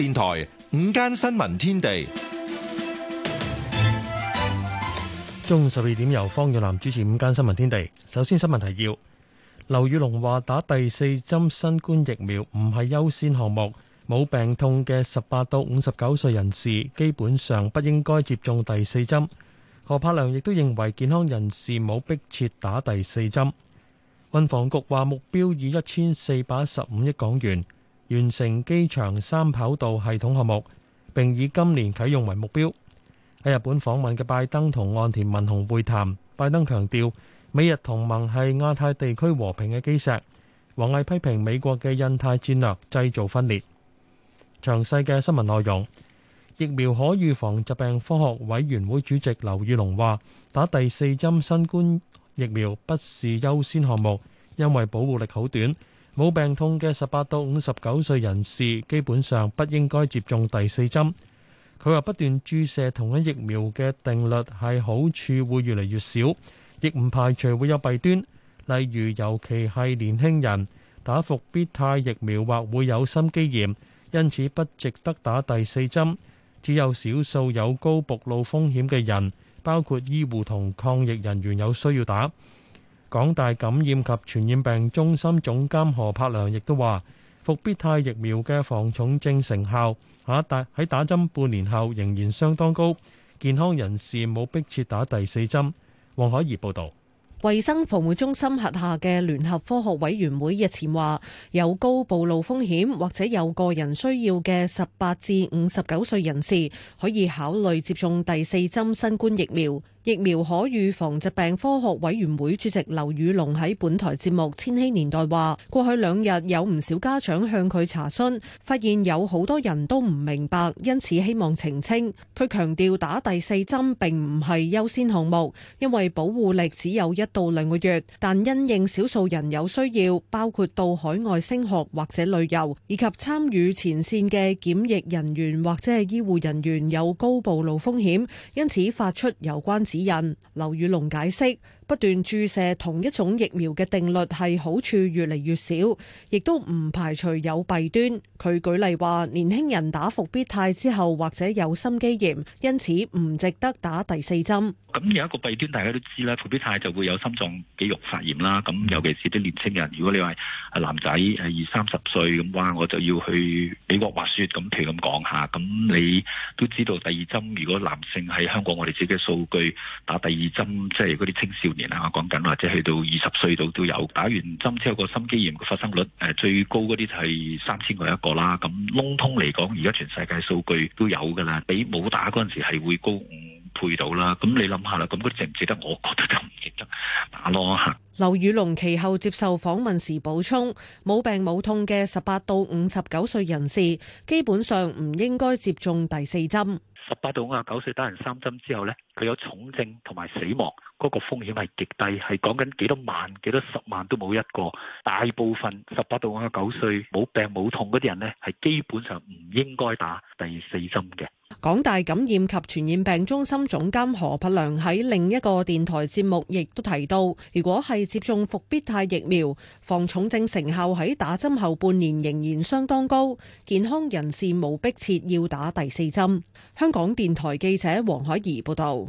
電台午間新聞天地，中午十二點由方若南主持《午間新聞天地》。首先，新聞提要：劉宇龍話打第四針新冠疫苗唔係優先項目，冇病痛嘅十八到五十九歲人士基本上不應該接種第四針。何柏良亦都認為健康人士冇逼切打第四針。運房局話目標以一千四百一十五億港元完成機場三跑道系統項目，並以今年啟用為目標。喺日本訪問嘅拜登同岸田文雄會談，拜登強調美日同盟係亞太地區和平嘅基石。王毅批評美國嘅印太戰略製造分裂。詳細嘅新聞內容，疫苗可預防疾病科學委員會主席劉宇龍話：打第四針新冠疫苗不是優先項目，因為保護力好短。冇病痛嘅十八到五十九歲人士，基本上不應該接種第四針。佢話不斷注射同一疫苗嘅定律係好處會越嚟越少，亦唔排除會有弊端，例如尤其係年輕人打伏必泰疫苗或會有心肌炎，因此不值得打第四針。只有少數有高暴露風險嘅人，包括醫護同抗疫人員有需要打。港大感染及傳染病中心總監何柏良亦都話：復必泰疫苗嘅防重症成效喺打喺打針半年後仍然相當高，健康人士冇迫切打第四針。黃海怡報導。衞生防護中心轄下嘅聯合科學委員會日前話，有高暴露風險或者有個人需要嘅十八至五十九歲人士，可以考慮接種第四針新冠疫苗。疫苗可預防疾病科學委員會主席劉宇龍喺本台節目《千禧年代》話，過去兩日有唔少家長向佢查詢，發現有好多人都唔明白，因此希望澄清。佢強調打第四針並唔係優先項目，因為保護力只有一到兩個月，但因應少數人有需要，包括到海外升學或者旅遊，以及參與前線嘅檢疫人員或者係醫護人員有高暴露風險，因此發出有關。指引，劉宇龍解釋。不斷注射同一種疫苗嘅定律係好處越嚟越少，亦都唔排除有弊端。佢舉例話，年輕人打復必泰之後或者有心肌炎，因此唔值得打第四針。咁有一個弊端大家都知啦，復必泰就會有心臟肌肉發炎啦。咁尤其是啲年輕人，如果你話係男仔係二三十歲咁話，我就要去美國滑雪咁，譬如咁講下。咁你都知道第二針如果男性喺香港，我哋自己嘅數據打第二針，即係嗰啲青少年。我講緊或者去到二十歲度都有打完針之後個心肌炎嘅發生率，誒最高嗰啲就係三千個一個啦。咁籠統嚟講，而家全世界數據都有噶啦，比冇打嗰陣時係會高五倍到啦。咁你諗下啦，咁嗰啲值唔值得？我覺得就唔值得打咯。劉宇龍其後接受訪問時補充：冇病冇痛嘅十八到五十九歲人士，基本上唔應該接種第四針。十八到五十九歲打完三針之後呢，佢有重症同埋死亡，嗰個風險係極低，係講緊幾多萬、幾多十萬都冇一個。大部分十八到五十九歲冇病冇痛嗰啲人呢，係基本上唔應該打第四針嘅。港大感染及傳染病中心總監何柏良喺另一個電台節目亦都提到，如果係接種復必泰疫苗，防重症成效喺打針後半年仍然相當高，健康人士無迫切要打第四針。香港電台記者黃海怡報道。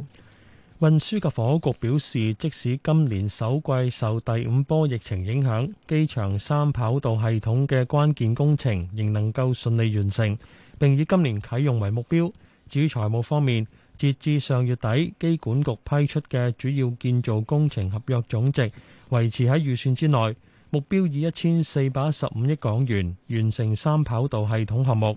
運輸及房屋局表示，即使今年首季受第五波疫情影響，機場三跑道系統嘅關鍵工程仍能夠順利完成。並以今年啟用為目標。至於財務方面，截至上月底，機管局批出嘅主要建造工程合約總值維持喺預算之內。目標以一千四百一十五億港元完成三跑道系統項目。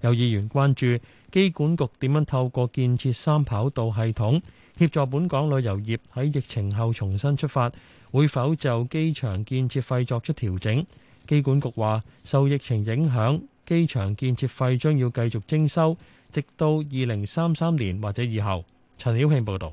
有議員關注機管局點樣透過建設三跑道系統協助本港旅遊業喺疫情後重新出發，會否就機場建設費作出調整？機管局話受疫情影響。機場建設費將要繼續徵收，直到二零三三年或者以後。陳曉慶報導，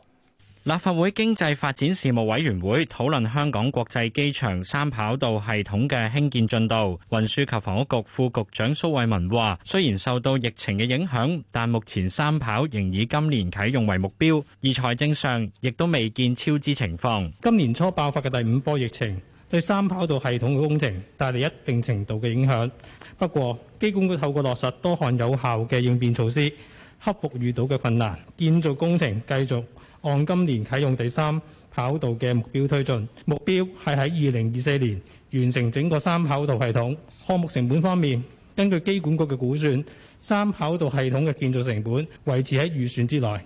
立法會經濟發展事務委員會討論香港國際機場三跑道系統嘅興建進度。運輸及房屋局副局長蘇偉文話，雖然受到疫情嘅影響，但目前三跑仍以今年啟用為目標。而財政上亦都未見超支情況。今年初爆發嘅第五波疫情對三跑道系統嘅工程帶嚟一定程度嘅影響。不過，機管局透過落實多項有效嘅應變措施，克服遇到嘅困難，建造工程繼續按今年啟用第三跑道嘅目標推進。目標係喺二零二四年完成整個三跑道系統。項目成本方面，根據機管局嘅估算，三跑道系統嘅建造成本維持喺預算之內。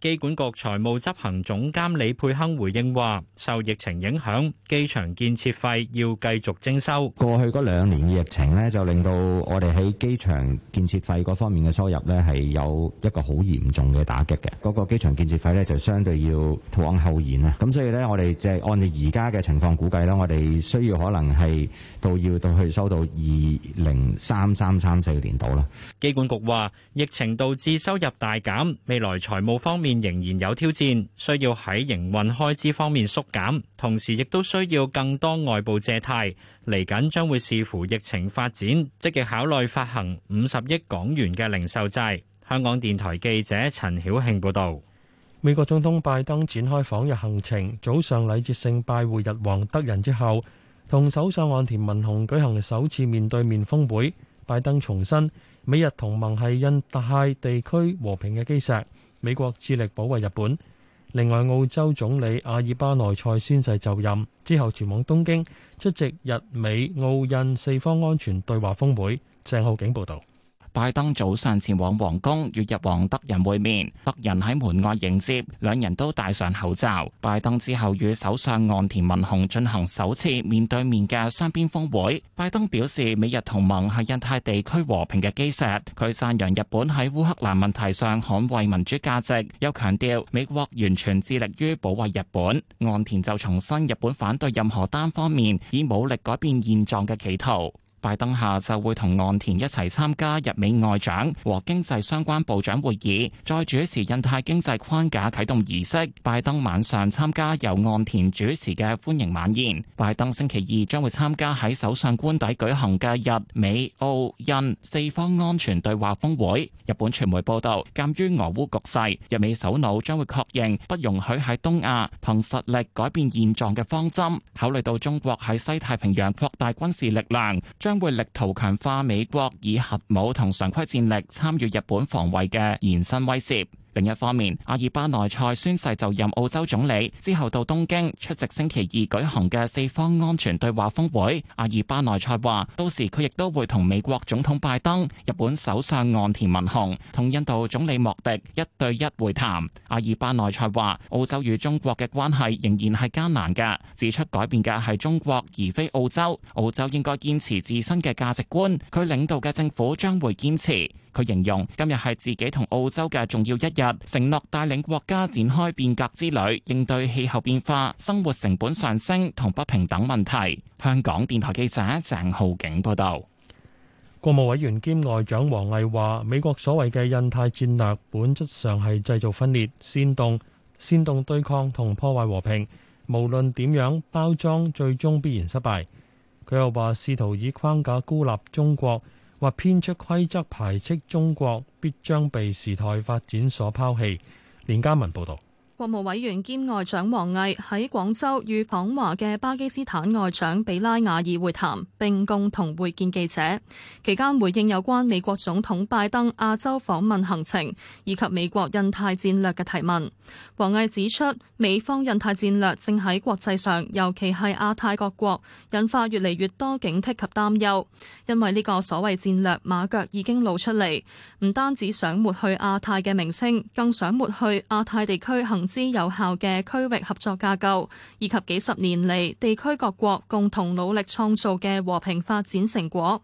機管局財務執行總監李佩亨回應話，受疫情影響，機場建設費要繼續徵收。過去嗰兩年疫情呢，就令到我哋喺機場建設費嗰方面嘅收入呢，係有一個好嚴重嘅打擊嘅。嗰個機場建設費呢，就相對要往後延啦。咁所以呢，我哋就係按照而家嘅情況估計啦，我哋需要可能係到要到去收到二零三三三四年度啦。機管局話，疫情導致收入大減，未來財務方面。仍然有挑戰，需要喺營運開支方面縮減，同時亦都需要更多外部借貸。嚟緊將會視乎疫情發展，積極考慮發行五十億港元嘅零售債。香港電台記者陳曉慶報道。美國總統拜登展開訪日行程，早上禮節性拜會日王德仁之後，同首相岸田文雄舉行首次面對面峰會。拜登重申，美日同盟係印太地區和平嘅基石。美國致力保衛日本。另外，澳洲總理阿爾巴內塞宣誓就任之後，前往東京出席日美澳印四方安全對話峰會。鄭浩景報導。拜登早上前往皇宮與日皇德仁會面，德仁喺門外迎接，兩人都戴上口罩。拜登之後與首相岸田文雄進行首次面對面嘅雙邊峰會。拜登表示，美日同盟係印太地區和平嘅基石。佢讚揚日本喺烏克蘭問題上捍衛民主價值，又強調美國完全致力於保衛日本。岸田就重申日本反對任何單方面以武力改變現狀嘅企圖。拜登下晝會同岸田一齊參加日美外長和經濟相關部長會議，再主持印太經濟框架啟動儀式。拜登晚上參加由岸田主持嘅歡迎晚宴。拜登星期二將會參加喺首相官邸舉行嘅日美澳印四方安全對話峰會。日本傳媒報道，鑑於俄烏局勢，日美首腦將會確認不容許喺東亞憑實力改變現狀嘅方針。考慮到中國喺西太平洋擴大軍事力量，將將會力圖強化美國以核武同常規戰力參與日本防衛嘅延伸威懾。另一方面，阿爾巴內塞宣誓就任澳洲總理，之後到東京出席星期二舉行嘅四方安全對話峰會。阿爾巴內塞話，到時佢亦都會同美國總統拜登、日本首相岸田文雄同印度總理莫迪一對一會談。阿爾巴內塞話，澳洲與中國嘅關係仍然係艱難嘅，指出改變嘅係中國而非澳洲。澳洲應該堅持自身嘅價值觀，佢領導嘅政府將會堅持。佢形容今日係自己同澳洲嘅重要一日，承諾帶領國家展開變革之旅，應對氣候變化、生活成本上升同不平等問題。香港電台記者鄭浩景報道。國務委員兼外長王毅話，美國所謂嘅印太戰略本質上係製造分裂、煽動、煽動對抗同破壞和平。無論點樣包裝，最終必然失敗。佢又話，試圖以框架孤立中國。或編出規則排斥中國，必將被時代發展所拋棄。連家文報導。國務委員兼外長王毅喺廣州與訪華嘅巴基斯坦外長比拉瓦爾會談，並共同會見記者。期間回應有關美國總統拜登亞洲訪問行程以及美國印太戰略嘅提問。王毅指出，美方印太戰略正喺國際上，尤其係亞太各國，引發越嚟越多警惕及擔憂，因為呢個所謂戰略馬腳已經露出嚟，唔單止想抹去亞太嘅名稱，更想抹去亞太地區行。之有效嘅區域合作架構，以及幾十年嚟地區各國共同努力創造嘅和平發展成果。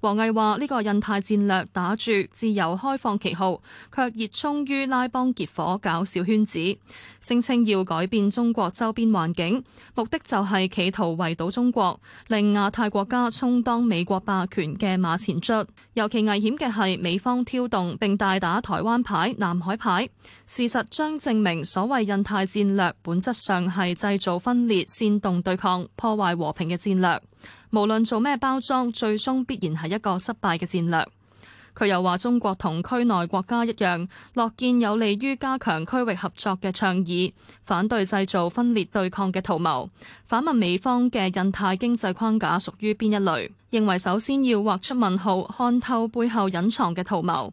王毅話：呢個印太戰略打住自由開放旗號，卻熱衷於拉幫結伙搞小圈子，聲稱要改變中國周邊環境，目的就係企圖圍堵中國，令亞太國家充當美國霸權嘅馬前卒。尤其危險嘅係美方挑動並大打台灣牌、南海牌。事實將證明，所謂印太戰略，本質上係製造分裂、煽動對抗、破壞和平嘅戰略。無論做咩包裝，最終必然係一個失敗嘅戰略。佢又話：中國同區內國家一樣，樂見有利於加強區域合作嘅倡議，反對製造分裂對抗嘅圖謀。反問美方嘅印太經濟框架屬於邊一類？認為首先要畫出問號，看透背後隱藏嘅圖謀。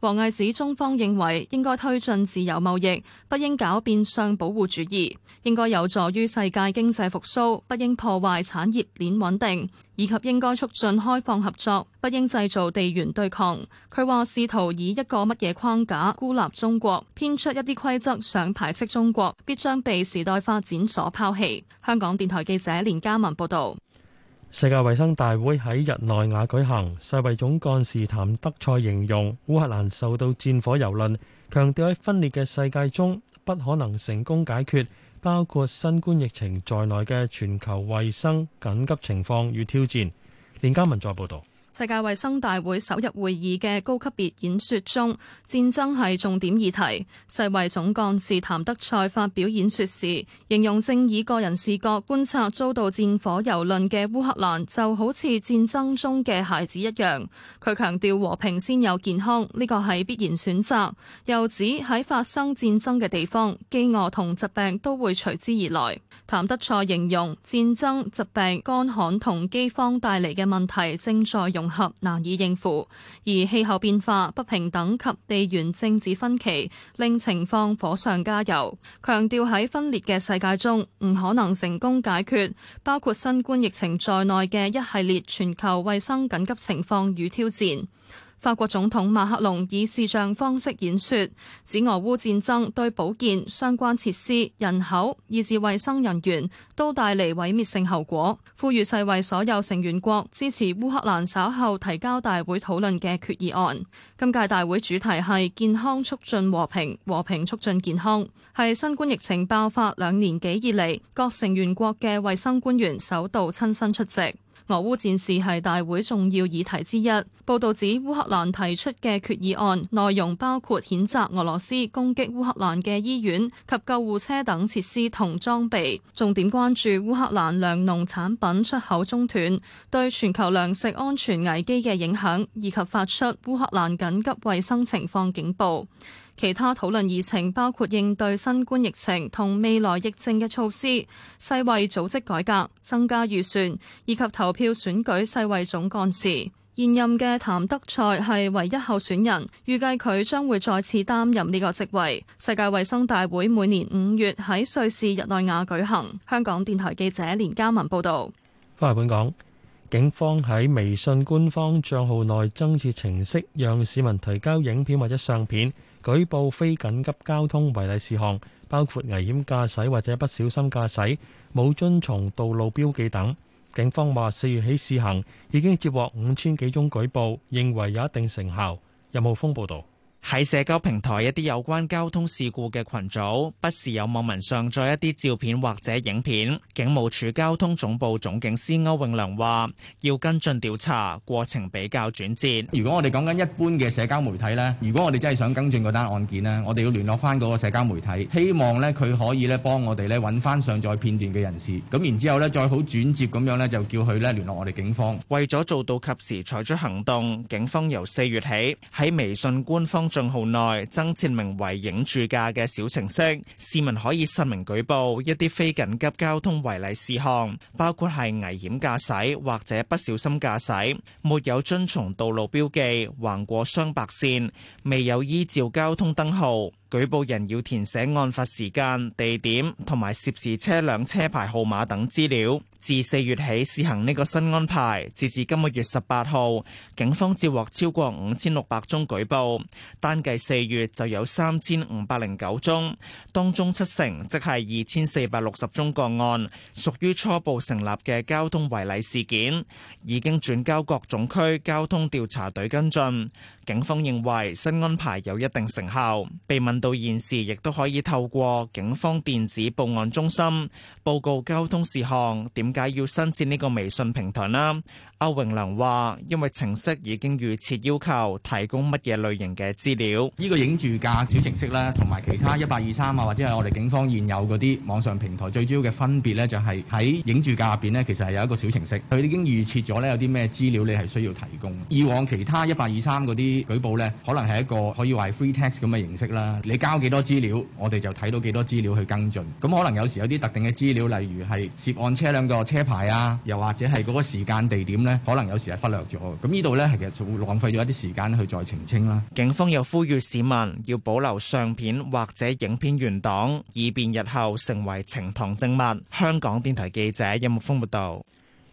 王毅指，中方認為應該推進自由貿易，不應搞變相保護主義；應該有助於世界經濟復蘇，不應破壞產業鏈穩定；以及應該促進開放合作，不應製造地緣對抗。佢話：試圖以一個乜嘢框架孤立中國，編出一啲規則想排斥中國，必將被時代發展所拋棄。香港電台記者連嘉文報道。世界衛生大會喺日內瓦舉行，世衛總幹事譚德塞形容烏克蘭受到戰火蹂躪，強調喺分裂嘅世界中不可能成功解決包括新冠疫情在內嘅全球衛生緊急情況與挑戰，連嘉文再報道。世界衛生大會首日會議嘅高級別演說中，戰爭係重點議題。世衛總幹事譚德塞發表演說時形容正以個人視角觀察遭到戰火蹂躪嘅烏克蘭就好似戰爭中嘅孩子一樣，佢強調和平先有健康，呢個係必然選擇，又指喺發生戰爭嘅地方，飢餓同疾病都會隨之而來，譚德塞形容戰爭疾病、乾旱同饑荒帶嚟嘅問題正在湧合難以應付，而氣候變化、不平等及地緣政治分歧令情況火上加油。強調喺分裂嘅世界中，唔可能成功解決包括新冠疫情在內嘅一系列全球衛生緊急情況與挑戰。法國總統馬克龍以視像方式演說，指俄烏戰爭對保健相關設施、人口、以至衛生人員都帶嚟毀滅性後果，呼籲世衛所有成員國支持烏克蘭稍後提交大會討論嘅決議案。今屆大會主題係健康促進和平，和平促進健康，係新冠疫情爆發兩年幾以嚟，各成員國嘅衛生官員首度親身出席。俄烏戰事係大會重要議題之一。報道指，烏克蘭提出嘅決議案內容包括譴責俄羅斯攻擊烏克蘭嘅醫院及救護車等設施同裝備，重點關注烏克蘭糧農產品出口中斷對全球糧食安全危機嘅影響，以及發出烏克蘭緊急衛生情況警報。其他討論議程包括應對新冠疫情同未來疫症嘅措施、世衛組織改革、增加預算以及投票選舉世衛總幹事。現任嘅譚德塞係唯一候選人，預計佢將會再次擔任呢個職位。世界衞生大會每年五月喺瑞士日內瓦舉行。香港電台記者連嘉文報導。翻嚟本港，警方喺微信官方帳號內增設程式，讓市民提交影片或者相片。舉報非緊急交通違例事項，包括危險駕駛或者不小心駕駛、冇遵從道路標記等。警方話，四月起試行已經接獲五千幾宗舉報，認為有一定成效。任浩峯報導。喺社交平台一啲有關交通事故嘅群組，不時有網民上載一啲照片或者影片。警務處交通總部總警司歐永良話，要跟進調查，過程比較轉折。如果我哋講緊一般嘅社交媒體呢，如果我哋真係想跟進嗰單案件呢，我哋要聯絡返嗰個社交媒體，希望呢，佢可以呢幫我哋呢搵返上載片段嘅人士。咁然之後呢，再好轉接咁樣呢，就叫佢呢聯絡我哋警方。為咗做到及時採取行動，警方由四月起喺微信官方賬號內增設名為“影住駕”嘅小程式，市民可以實名舉報一啲非緊急交通違例事項，包括係危險駕駛或者不小心駕駛，沒有遵從道路標記，橫過雙白綫，未有依照交通燈號。舉報人要填寫案發時間、地點同埋涉事車輛車牌號碼等資料。自四月起試行呢個新安排，截至今個月十八號，警方接獲超過五千六百宗舉報，單計四月就有三千五百零九宗，當中七成即係二千四百六十宗個案屬於初步成立嘅交通違例事件，已經轉交各總區交通調查隊跟進，警方認為新安排有一定成效。被問到現時亦都可以透過警方電子報案中心。報告交通事項，點解要新建呢個微信平台啦？歐榮良話，因為程式已經預設要求提供乜嘢類型嘅資料，呢個影住價小程式咧，同埋其他一八二三啊，或者係我哋警方現有嗰啲網上平台最主要嘅分別咧，就係、是、喺影住價入邊咧，其實係有一個小程式，佢已經預設咗咧，有啲咩資料你係需要提供。以往其他一八二三嗰啲舉報咧，可能係一個可以話係 free text 咁嘅形式啦，你交幾多資料，我哋就睇到幾多資料去跟進。咁可能有時有啲特定嘅資料，例如係涉案車輛個車牌啊，又或者係嗰個時間地點。咧可能有時，係忽略咗，咁呢度呢，係其實會浪費咗一啲時間去再澄清啦。警方又呼籲市民要保留相片或者影片原檔，以便日後成為呈堂證物。香港電台記者任木峰報道。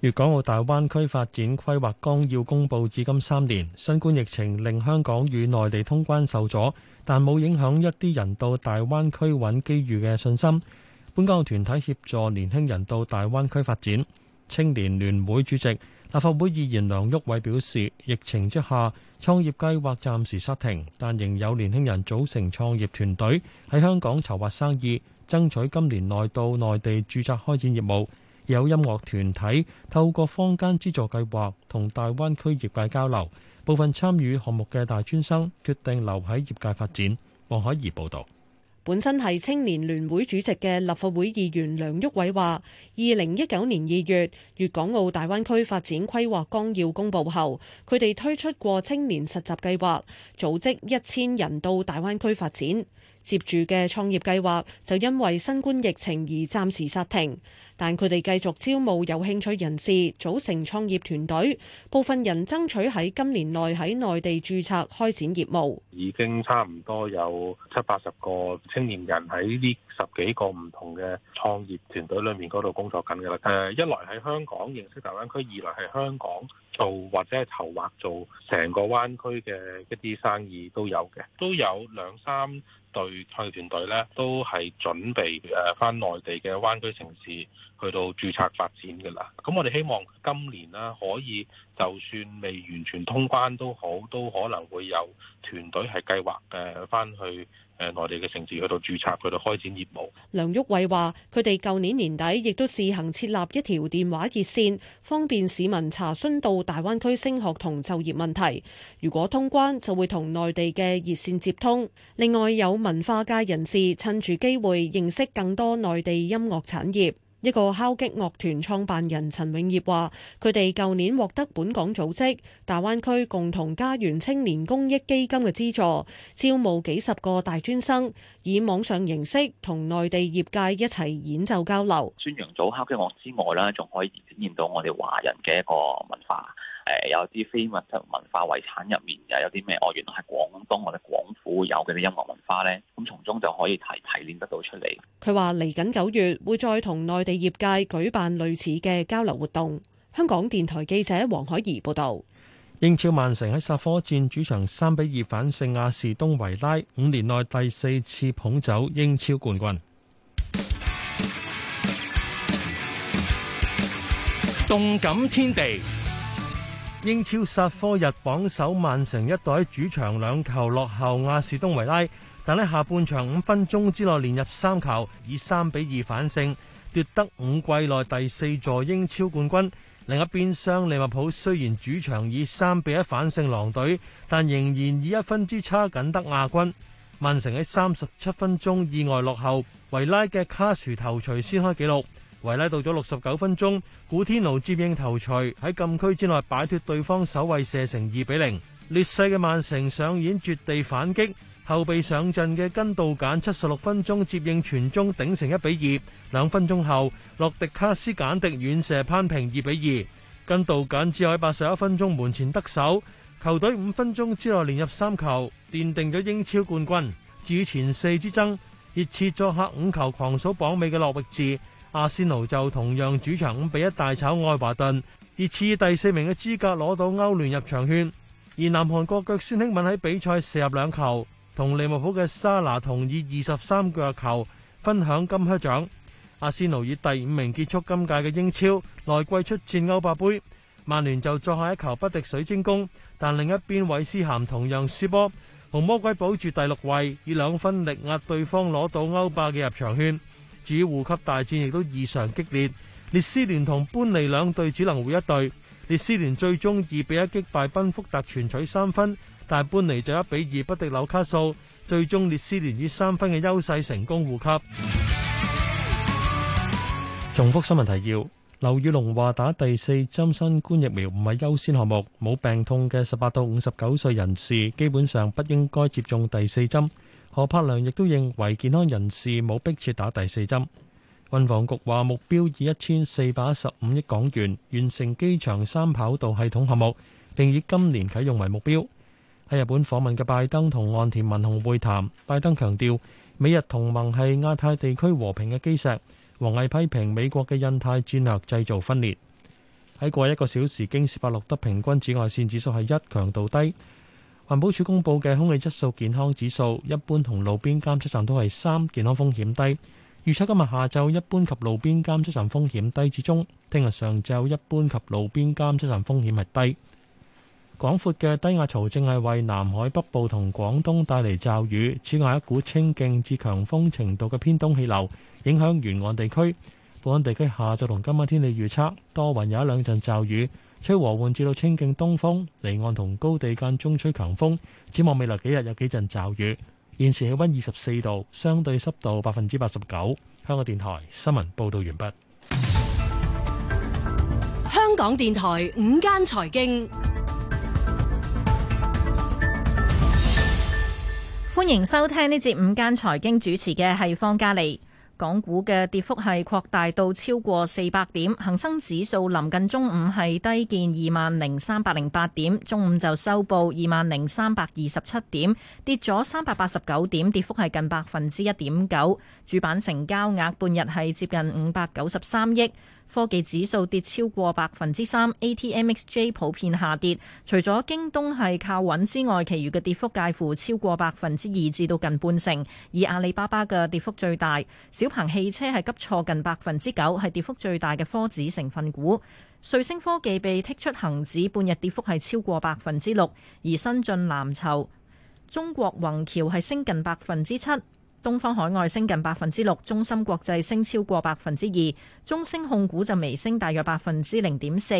粵港澳大灣區發展規劃綱要公布至今三年，新冠疫情令香港與內地通關受阻，但冇影響一啲人到大灣區揾機遇嘅信心。本港團體協助年輕人到大灣區發展，青年聯會主席，立法會議員梁旭偉表示，疫情之下創業計劃暫時失停，但仍有年輕人組成創業團隊喺香港籌劃生意，爭取今年內到內地註冊開展業務。有音樂團體透過坊間資助計劃同大灣區業界交流，部分參與項目嘅大專生決定留喺業界發展。王海怡報導。本身係青年聯會主席嘅立法會議員梁毓偉話：二零一九年二月，粵港澳大灣區發展規劃綱要公佈後，佢哋推出過青年實習計劃，組織一千人到大灣區發展。接住嘅創業計劃就因為新冠疫情而暫時煞停。但佢哋繼續招募有興趣人士，組成創業團隊。部分人爭取喺今年內喺內地註冊開展業務。已經差唔多有七八十個青年人喺呢十幾個唔同嘅創業團隊裏面嗰度工作緊嘅啦。誒、呃，一來喺香港認識大灣區，二來係香港做或者係籌劃做成個灣區嘅一啲生意都有嘅。都有兩三隊創業團隊呢都係準備誒翻內地嘅灣區城市去到註冊發展嘅啦。咁我哋希望今年啦、啊，可以就算未完全通關都好，都可能會有團隊係計劃誒翻去。內地嘅城市去到註冊，去到開展業務，梁旭偉話，佢哋舊年年底亦都試行設立一條電話熱線，方便市民查詢到大灣區升學同就業問題，如果通關就會同內地嘅熱線接通。另外，有文化界人士趁住機會認識更多內地音樂產業。一個敲擊樂團創辦人陳永業話：佢哋舊年獲得本港組織大灣區共同家園青年公益基金嘅資助，招募幾十個大專生，以網上形式同內地業界一齊演奏交流。宣揚咗敲擊樂之外呢，仲可以展現到我哋華人嘅一個文化。誒、呃、有啲非物質文化遺產入面又有啲咩？我、哦、原來係廣東或者廣府有嘅啲音樂文化呢，咁、嗯、從中就可以提提煉得到出嚟。佢話嚟緊九月會再同內地業界舉辦類似嘅交流活動。香港電台記者黃海怡報導。英超曼城喺煞科戰主場三比二反勝阿士東維拉，五年內第四次捧走英超冠軍。動感天地。英超煞科日榜首曼城一隊主場兩球落後亞士東維拉，但喺下半場五分鐘之內連入三球，以三比二反勝，奪得五季內第四座英超冠軍。另一邊廂利物浦雖然主場以三比一反勝狼隊，但仍然以一分之差僅得亞軍。曼城喺三十七分鐘意外落後，維拉嘅卡殊頭槌先開紀錄。維拉到咗六十九分鐘，古天奴接應頭槌，喺禁區之內擺脫對方守衛，射成二比零。劣勢嘅曼城上演絕地反擊，後備上陣嘅根道簡七十六分鐘接應傳中頂成一比二。兩分鐘後，洛迪卡斯簡迪遠射攀平二比二。根道簡只喺八十一分鐘門前得手，球隊五分鐘之內連入三球，奠定咗英超冠軍。至於前四之爭，熱切作客五球狂掃榜尾嘅洛域治。阿仙奴就同樣主場五比一大炒愛華頓，以次以第四名嘅資格攞到歐聯入場券。而南韓國腳孫興敏喺比賽射入兩球，同利物浦嘅沙拿同以二十三腳球分享金靴獎。阿仙奴以第五名結束今屆嘅英超，來季出戰歐霸杯。曼聯就作下一球不敵水晶宮，但另一邊韋斯咸同樣輸波，紅魔鬼保住第六位，以兩分力壓對方攞到歐霸嘅入場券。主護級大戰亦都異常激烈，列斯聯同班尼兩隊只能護一隊。列斯聯最終二比一擊敗賓福特，全取三分，但係班尼就一比二不敵紐卡素，最終列斯聯以三分嘅優勢成功護級。重複新聞提要：劉宇龍話打第四針新冠疫苗唔係優先項目，冇病痛嘅十八到五十九歲人士基本上不應該接種第四針。何柏良亦都認為健康人士冇逼切打第四針。運房局話目標以一千四百一十五億港元完成機場三跑道系統項目，並以今年啟用為目標。喺日本訪問嘅拜登同岸田文雄會談，拜登強調美日同盟係亞太地區和平嘅基石。王毅批評美國嘅印太戰略製造分裂。喺過一個小時，京士柏錄得平均紫外線指數係一，強度低。環保署公布嘅空氣質素健康指數一般同路邊監測站都係三，健康風險低。預測今日下晝一般及路邊監測站風險低至中，聽日上晝一般及路邊監測站風險係低。廣闊嘅低壓槽正係為南海北部同廣東帶嚟驟雨，此外一股清勁至強風程度嘅偏東氣流影響沿岸地區。本港地區下晝同今晚天氣預測多雲，有一兩陣驟雨。吹和緩至到清勁東風，離岸同高地間中吹強風。展望未來幾日有幾陣驟雨。現時氣溫二十四度，相對濕度百分之八十九。香港電台新聞報道完畢。香港電台午間財經，歡迎收聽呢節午間財經主持嘅係方嘉莉。港股嘅跌幅係擴大到超過四百點，恒生指數臨近中午係低見二萬零三百零八點，中午就收報二萬零三百二十七點，跌咗三百八十九點，跌幅係近百分之一點九。主板成交額半日係接近五百九十三億。科技指數跌超過百分之三，ATMXJ 普遍下跌，除咗京東係靠穩之外，其餘嘅跌幅介乎超過百分之二至到近半成，而阿里巴巴嘅跌幅最大，小鵬汽車係急挫近百分之九，係跌幅最大嘅科指成分股，瑞星科技被剔出恒指，半日跌幅係超過百分之六，而新進藍籌中國宏橋係升近百分之七。東方海外升近百分之六，中芯國際升超過百分之二，中升控股就微升大約百分之零點四。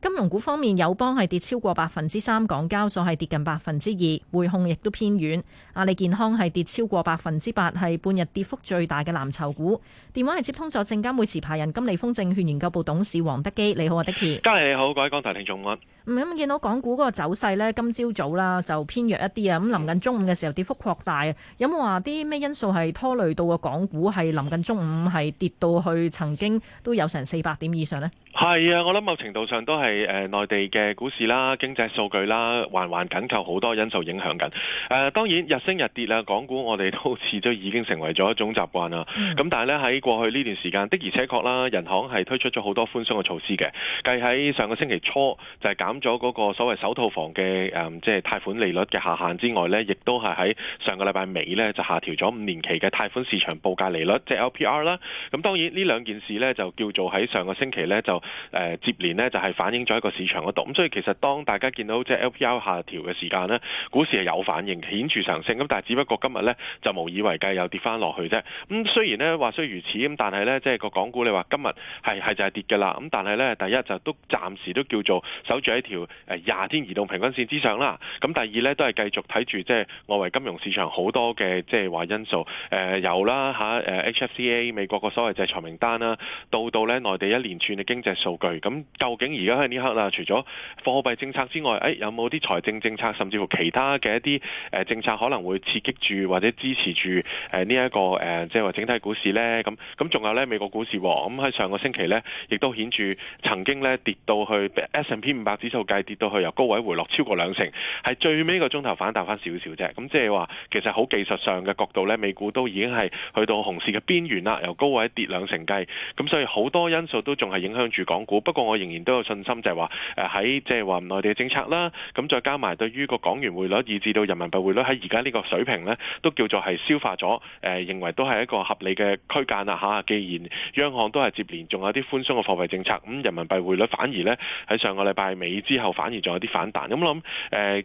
金融股方面，友邦係跌超過百分之三，港交所係跌近百分之二，匯控亦都偏軟。阿里健康係跌超過百分之八，係半日跌幅最大嘅藍籌股。電話係接通咗證監會持牌人金利豐證券研究部董事黃德基。你好啊，Dickie，家嚟你好，各位港台聽眾咁、嗯、見到港股嗰個走勢呢，今朝早啦就偏弱一啲啊，咁臨近中午嘅時候跌幅擴大，有冇話啲咩因素係拖累到個港股係臨近中午係跌到去曾經都有成四百點以上呢？係啊，我諗某程度上都係誒、呃、內地嘅股市啦、經濟數據啦，環環緊扣好多因素影響緊。誒、呃、當然日升日跌啊，港股我哋都似都已經成為咗一種習慣啦。咁、嗯、但係呢，喺過去呢段時間的而且確啦，人行係推出咗好多寬鬆嘅措施嘅，計喺上個星期初就係、是減咁咗嗰個所謂首套房嘅誒，即係貸款利率嘅下限之外呢，亦都係喺上個禮拜尾呢，就下調咗五年期嘅貸款市場報價利率，即係 LPR 啦。咁當然呢兩件事呢，就叫做喺上個星期呢，就誒接連呢，就係反映咗一個市場嗰度。咁所以其實當大家見到即係 LPR 下調嘅時間呢，股市係有反應，顯著上升。咁但係只不過今日呢，就無以為繼，又跌翻落去啫。咁雖然呢，話雖如此，咁但係呢，即係個港股你話今日係係就係跌嘅啦。咁但係呢，第一就都暫時都叫做守住喺條誒廿天移動平均線之上啦，咁第二呢，都係繼續睇住即係外圍金融市場好多嘅即係話因素誒、呃、有啦吓誒、啊、HFCA 美國個所謂制裁名單啦，到到咧內地一連串嘅經濟數據，咁、嗯、究竟而家喺呢刻啦，除咗貨幣政策之外，誒、欸、有冇啲財政政策，甚至乎其他嘅一啲誒政策可能會刺激住或者支持住誒呢一個誒即係話整體股市呢？咁咁仲有呢美國股市喎，咁、哦、喺、嗯、上個星期呢，亦都顯著曾經呢跌到去 S&P 五百指。就計跌到去由高位回落超過兩成，係最尾個鐘頭反彈翻少少啫。咁即係話，其實好技術上嘅角度呢，美股都已經係去到熊市嘅邊緣啦。由高位跌兩成計，咁所以好多因素都仲係影響住港股。不過我仍然都有信心，就係話誒喺即係話內地嘅政策啦，咁再加埋對於個港元匯率以至到人民幣匯率喺而家呢個水平呢，都叫做係消化咗誒，認為都係一個合理嘅區間啦嚇。既然央行都係接連仲有啲寬鬆嘅貨幣政策，咁人民幣匯率反而呢，喺上個禮拜美之後反而仲有啲反彈，咁我諗誒，即、呃、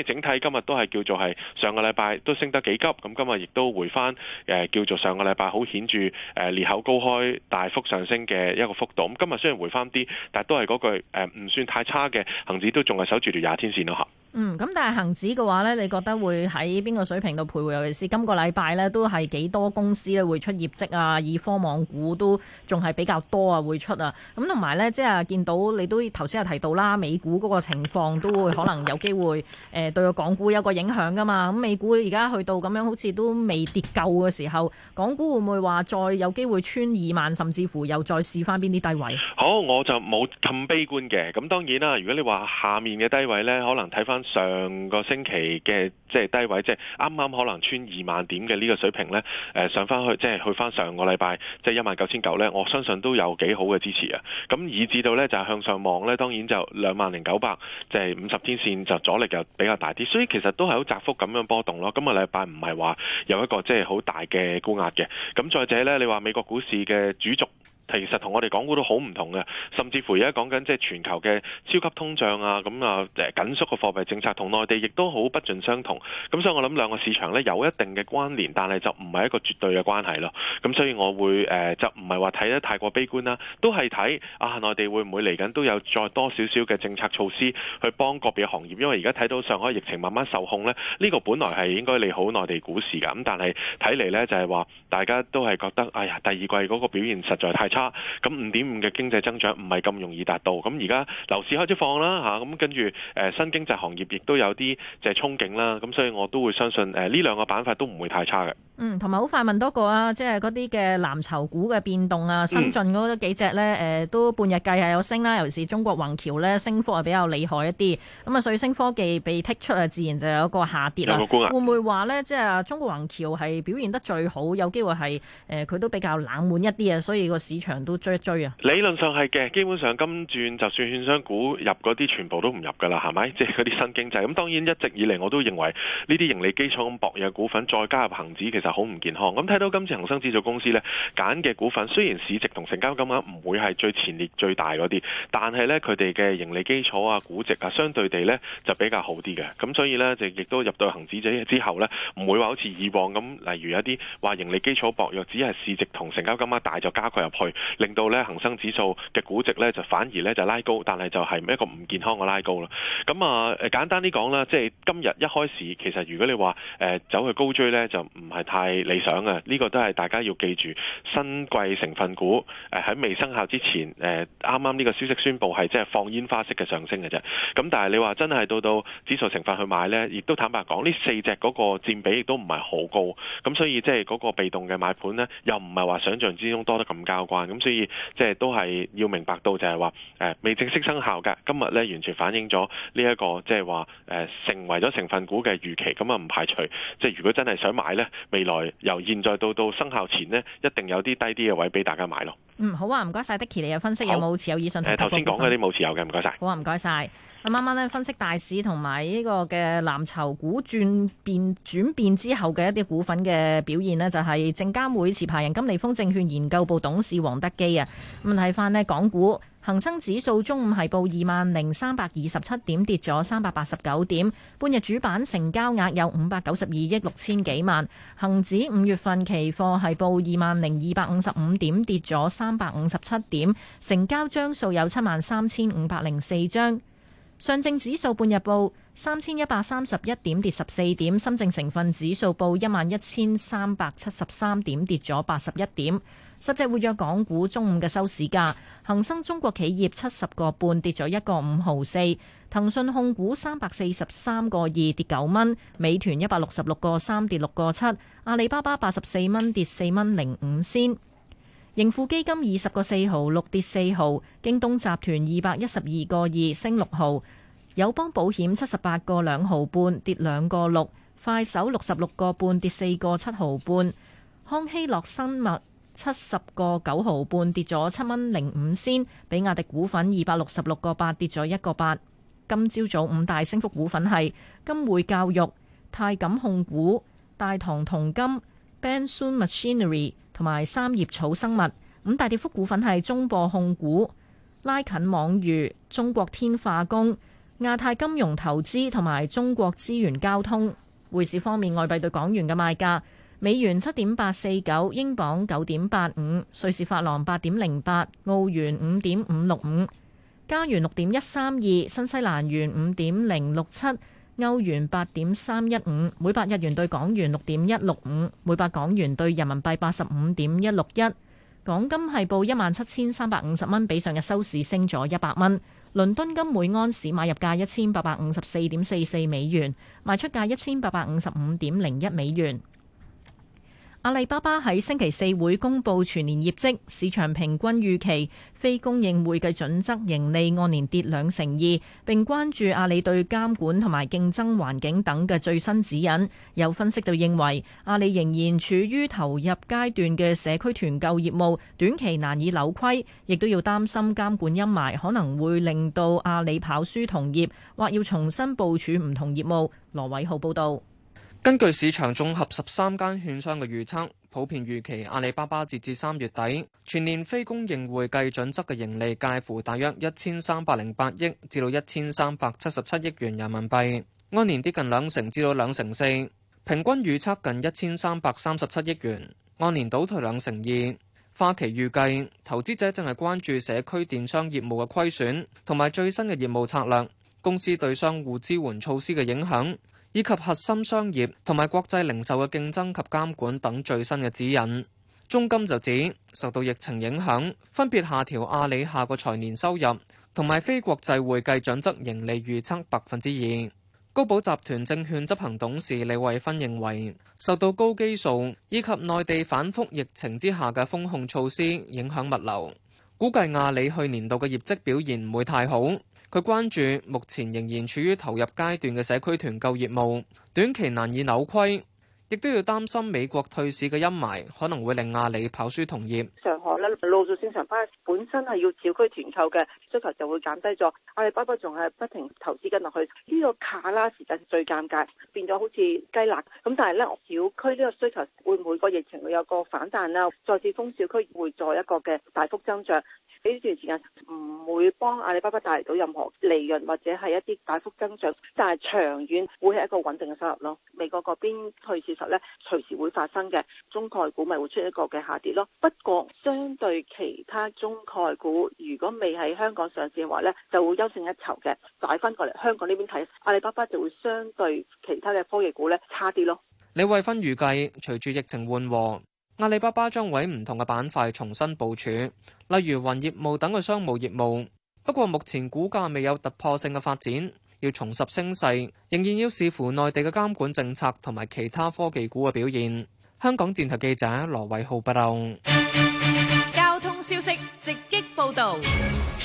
係整體今日都係叫做係上個禮拜都升得幾急，咁今日亦都回翻誒、呃、叫做上個禮拜好顯著誒裂、呃、口高開大幅上升嘅一個幅度，咁今日雖然回翻啲，但係都係嗰句誒唔、呃、算太差嘅，恒指都仲係守住條廿天線咯、啊、嚇。嗯，咁但係恒指嘅話呢，你覺得會喺邊個水平度徘徊？尤其是今個禮拜呢，都係幾多公司咧會出業績啊？以科網股都仲係比較多啊，會出啊。咁同埋呢，即係見到你都頭先有提到啦，美股嗰個情況都會可能有機會誒、 呃、對個港股有個影響噶嘛。咁美股而家去到咁樣，好似都未跌夠嘅時候，港股會唔會話再有機會穿二萬，甚至乎又再試翻邊啲低位？好，我就冇咁悲觀嘅。咁當然啦，如果你話下面嘅低位呢，可能睇翻。上個星期嘅即係低位，即係啱啱可能穿二萬點嘅呢個水平呢，誒、呃、上翻去即係、就是、去翻上個禮拜即係一萬九千九呢。我相信都有幾好嘅支持啊。咁以至到呢，就向上望呢，當然就兩萬零九百即係五十天線就阻力就比較大啲，所以其實都係好窄幅咁樣波動咯。今日禮拜唔係話有一個即係好大嘅沽壓嘅，咁再者呢，你話美國股市嘅主軸。其實我同我哋講估都好唔同嘅，甚至乎而家講緊即係全球嘅超級通脹啊，咁啊誒緊縮嘅貨幣政策，同內地亦都好不盡相同。咁、嗯、所以我諗兩個市場呢，有一定嘅關聯，但係就唔係一個絕對嘅關係咯。咁、嗯、所以我會誒、呃、就唔係話睇得太過悲觀啦，都係睇啊內地會唔會嚟緊都有再多少少嘅政策措施去幫個別行業，因為而家睇到上海疫情慢慢受控呢，呢、這個本來係應該利好內地股市㗎。咁、嗯、但係睇嚟呢，就係、是、話大家都係覺得，哎呀第二季嗰個表現實在太～差咁五點五嘅經濟增長唔係咁容易達到，咁而家樓市開始放啦嚇，咁、啊、跟住誒、呃、新經濟行業亦都有啲就係憧憬啦，咁所以我都會相信誒呢兩個板塊都唔會太差嘅。嗯，同埋好快問多個啊，即係嗰啲嘅藍籌股嘅變動啊，新進嗰幾隻咧、嗯呃，都半日計係有升啦，尤其是中國宏橋呢，升幅係比較厲害一啲。咁、嗯、啊，瑞星科技被剔出啊，自然就有一個下跌啦。有有會唔會話呢？即係中國宏橋係表現得最好，有機會係誒佢都比較冷門一啲啊，所以個市場都追一追啊？理論上係嘅，基本上今轉就算券商股入嗰啲，全部都唔入噶啦，係咪？即係嗰啲新經濟。咁當然一直以嚟我都認為呢啲盈利基礎咁薄嘅股份，再加入恒指其就好唔健康。咁睇、 嗯、到今次恒生指數公司呢，揀嘅股份，雖然市值同成交金額唔會係最前列最大嗰啲，但係呢，佢哋嘅盈利基礎啊、估值啊，相對地呢就比較好啲嘅。咁、嗯、所以呢，就亦都入到恒指者之後呢，唔會話好似以往咁，例如一啲話盈利基礎薄弱，只係市值同成交金額大就加佢入去，令到呢恒生指數嘅估值呢就反而呢就拉高，但係就係一個唔健康嘅拉高啦。咁、嗯、啊，簡單啲講啦，即係今日一開始，其實如果你話誒、呃、走去高追呢，就唔係太。太理想嘅，呢、這個都係大家要記住。新季成分股誒喺、呃、未生效之前，誒啱啱呢個消息宣布係即係放煙花式嘅上升嘅啫。咁但係你話真係到到指數成分去買咧，亦都坦白講，呢四隻嗰個佔比亦都唔係好高。咁所以即係嗰個被動嘅買盤咧，又唔係話想象之中多得咁交關，咁所以即係都係要明白到就係話誒未正式生效噶。今日咧完全反映咗呢一個即係話誒成為咗成分股嘅預期。咁啊唔排除即係、就是、如果真係想買咧未。來由現在到到生效前呢，一定有啲低啲嘅位俾大家買咯。嗯，好啊，唔該晒，Dicky 你有分析有冇持有以上？頭先講嗰啲冇持有嘅，唔該晒。好啊，唔該晒。阿啱啱呢，分析大市同埋呢個嘅藍籌股轉變轉變，轉變之後嘅一啲股份嘅表現呢，就係證監會持牌人金利豐證券研究部董事黃德基啊。咁睇翻呢，港股恒生指數中午係報二萬零三百二十七點，跌咗三百八十九點，半日主板成交額有五百九十二億六千幾萬，恒指五月份期貨係報二萬零二百五十五點，跌咗三百五十七點，成交張數有七萬三千五百零四張。上證指數半日報三千一百三十一點跌十四點，深證成分指數報一萬一千三百七十三點跌咗八十一點。十隻活躍港股中午嘅收市價，恒生中國企業七十個半跌咗一個五毫四，騰訊控股三百四十三個二跌九蚊，美團一百六十六個三跌六個七，阿里巴巴八十四蚊跌四蚊零五仙。盈富基金二十個四毫六跌四毫，京東集團二百一十二個二升六毫，友邦保險七十八個兩毫半跌兩個六，快手六十六個半跌四個七毫半，康希諾生物七十個九毫半跌咗七蚊零五仙，05, 比亞迪股份二百六十六個八跌咗一個八。今朝早五大升幅股份係金匯教育、泰感控股、大唐銅金、Benson Machinery，同埋三葉草生物，五大跌幅股份係中博控股、拉近網娛、中國天化工、亞太金融投資同埋中國資源交通。匯市方面，外幣對港元嘅賣價：美元七點八四九，英鎊九點八五，瑞士法郎八點零八，澳元五點五六五，加元六點一三二，新西蘭元五點零六七。歐元八點三一五，每百日元對港元六點一六五，每百港元對人民幣八十五點一六一。港金係報一萬七千三百五十蚊，比上日收市升咗一百蚊。倫敦金每安士買入價一千八百五十四點四四美元，賣出價一千八百五十五點零一美元。阿里巴巴喺星期四會公布全年業績，市場平均預期非公認會計準則盈利按年跌兩成二，並關注阿里對監管同埋競爭環境等嘅最新指引。有分析就認為，阿里仍然處於投入階段嘅社區團購業務，短期難以扭虧，亦都要擔心監管陰霾可能會令到阿里跑輸同業，或要重新部署唔同業務，羅偉浩報道。根據市場綜合十三間券商嘅預測，普遍預期阿里巴巴截至三月底全年非公認會計準則嘅盈利介乎大約一千三百零八億至到一千三百七十七億元人民幣，按年跌近兩成至到兩成四，平均預測近一千三百三十七億元，按年倒退兩成二。花旗預計投資者正係關注社區電商業務嘅虧損同埋最新嘅業務策略，公司對商戶支援措施嘅影響。以及核心商業同埋國際零售嘅競爭及監管等最新嘅指引。中金就指受到疫情影響，分別下調阿里下個財年收入同埋非國際會計準則盈利預測百分之二。高寶集團證券執行董事李慧芬認為，受到高基數以及內地反覆疫情之下嘅封控措施影響物流，估計阿里去年度嘅業績表現唔會太好。佢關注目前仍然處於投入階段嘅社區團購業務，短期難以扭虧，亦都要擔心美國退市嘅陰霾可能會令阿里跑輸同業。啦，陸續正常返本身係要小區團購嘅需求就會減低咗，阿里巴巴仲係不停投資跟落去，呢個卡啦時間最尷尬，變咗好似雞肋。咁但係呢，小區呢個需求會唔會個疫情會有個反彈啦？再次封小區會再一個嘅大幅增長，呢段時間唔會幫阿里巴巴帶嚟到任何利潤或者係一啲大幅增長，但係長遠會係一個穩定嘅收入咯。美國嗰邊退市咧隨時會發生嘅，中概股咪會出一個嘅下跌咯。不過將相對其他中概股，如果未喺香港上市嘅話呢，就會優勝一籌嘅。擺翻過嚟香港呢邊睇，阿里巴巴就會相對其他嘅科技股呢，差啲咯。李慧芬預計，隨住疫情緩和，阿里巴巴將會喺唔同嘅板塊重新部署，例如雲業務等嘅商務業務。不過目前股價未有突破性嘅發展，要重拾升勢，仍然要視乎內地嘅監管政策同埋其他科技股嘅表現。香港電台記者羅偉浩報道。消息直擊報導。Yes.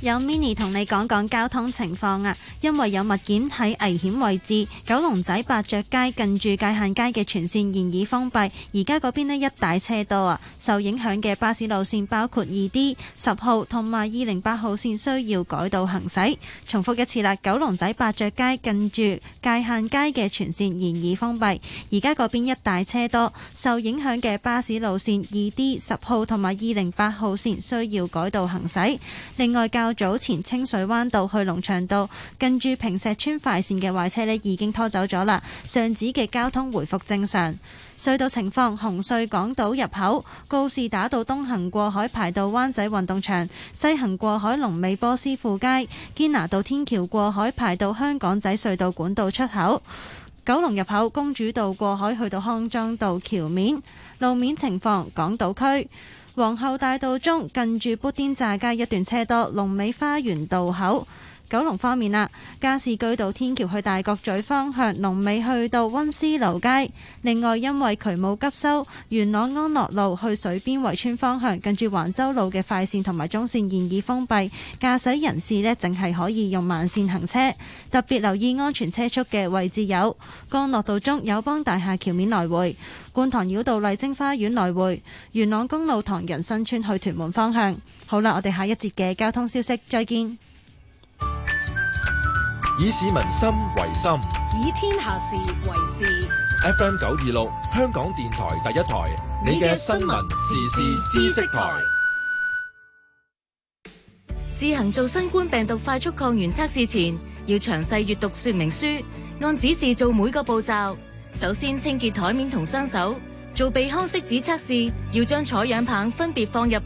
有 mini 同你講講交通情況啊，因為有物件喺危險位置，九龍仔八雀街近住界限街嘅全線閉現已封閉，而家嗰邊呢，一大車多啊。受影響嘅巴士路線包括二 d 十號同埋二零八號線需要改道行駛。重複一次啦，九龍仔八雀街近住界限街嘅全線閉現已封閉，而家嗰邊一大車多，受影響嘅巴士路線二 d 十號同埋二零八號線需要改道行駛。另外教早前清水灣道去龍翔道，近住平石村快線嘅壞車咧，已經拖走咗啦。上址嘅交通回復正常。隧道情況：紅隧港島入口、告士打道東行過海排到灣仔運動場，西行過海龍尾波斯富街、堅拿道天橋過海排到香港仔隧道管道出口。九龍入口公主道過海去到康莊道橋面。路面情況，港島區。皇后大道中近住砵甸乍街一段車多，龍尾花園道口。九龍方面啦，加士居道天橋去大角咀方向，龍尾去到溫思勞街。另外，因為渠務急收，元朗安樂路去水邊圍村方向，近住環州路嘅快線同埋中線現已封閉，駕駛人士呢，淨係可以用慢線行車。特別留意安全車速嘅位置有：江樂道中友邦大廈橋面來回、觀塘繞道麗晶花園來回、元朗公路唐人新村去屯門方向。好啦，我哋下一節嘅交通消息，再見。以市民心為心，以天下事為事。FM 九二六，香港電台第一台，你嘅新聞時事知識台。自行做新冠病毒快速抗原測試前，要詳細閱讀說明書，按指示做每個步驟。首先清潔台面同雙手。做鼻腔拭子測試，要將採樣棒分別放入。